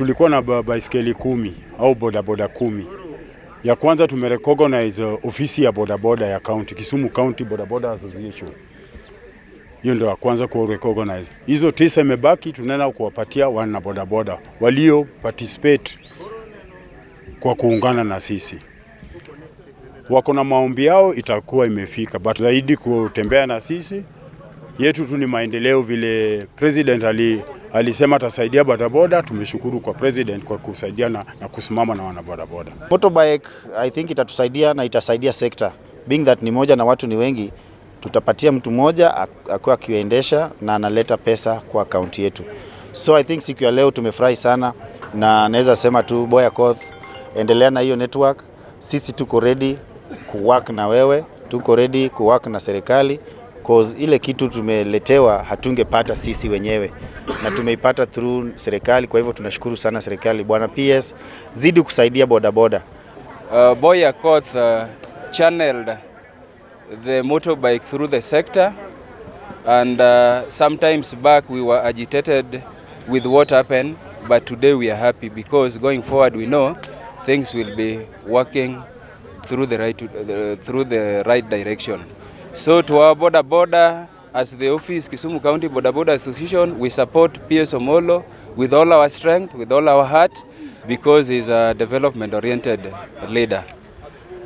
Tulikuwa na baiskeli kumi au bodaboda kumi. Ya kwanza tumerecognize uh, ofisi ya bodaboda ya county, Kisumu County Bodaboda Association. Hiyo ndio ya kwanza ku recognize. Hizo tisa imebaki, tunaenda kuwapatia wana bodaboda walio participate kwa kuungana na sisi. Wako na maombi yao, itakuwa imefika, but zaidi kutembea na sisi yetu tu ni maendeleo, vile president ali Alisema atasaidia bodaboda. Tumeshukuru kwa president kwa kusaidia na kusimama na wanabodaboda. Motorbike I think itatusaidia na itasaidia sekta, being that ni moja na watu ni wengi, tutapatia mtu mmoja akiwa akiendesha na analeta pesa kwa akaunti yetu. So I think siku ya leo tumefurahi sana, na naweza sema tu Boya Koth, endelea na hiyo network. Sisi tuko ready kuwork na wewe, tuko ready kuwork na serikali cause ile kitu tumeletewa hatungepata sisi wenyewe na tumeipata through serikali. Kwa hivyo tunashukuru sana serikali. Bwana PS, zidi kusaidia bodaboda. Uh, Boy Akoth uh, channeled the motorbike through the sector and uh, sometimes back we were agitated with what happened but today we are happy because going forward we know things will be working through the right, uh, through the right direction. So to our border border, as the office Kisumu County Border Border Association, we support PS Omolo with all our strength, with all our heart, because he's a development-oriented leader.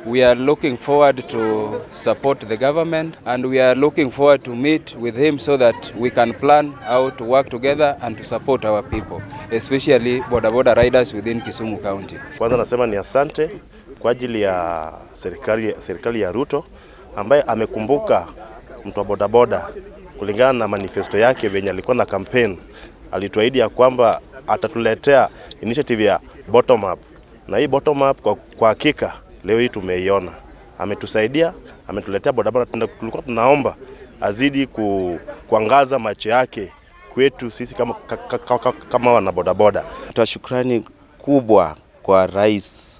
We are looking forward to support the government and we are looking forward to meet with him so that we can plan how to work together and to support our people, especially bodaboda riders within Kisumu County. Kwanza nasema ni asante kwa ajili ya serikali, serikali ya Ruto ambaye amekumbuka mtu wa bodaboda kulingana na manifesto yake venye alikuwa na campaign, alituahidi ya kwamba atatuletea initiative ya bottom up, na hii bottom up kwa hakika leo hii tumeiona. Ametusaidia, ametuletea bodaboda. Tulikuwa tunaomba azidi ku, kuangaza macho yake kwetu sisi kama, kama, wana bodaboda. Toa shukrani kubwa kwa rais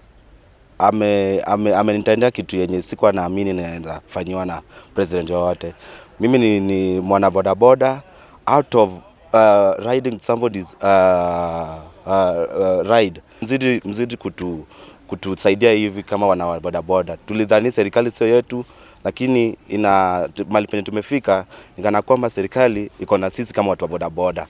amenitendea ame, ame kitu yenye sikuwa naamini naweza fanyiwa na president yoyote. Mimi ni, ni mwana bodaboda out of uh, riding somebody's uh, uh, uh, ride. Mzidi, mzidi kutu kutusaidia hivi kama wana bodaboda. Tulidhani serikali sio yetu, lakini ina mali penye tumefika, nikana kwamba serikali iko na sisi kama watu wa bodaboda.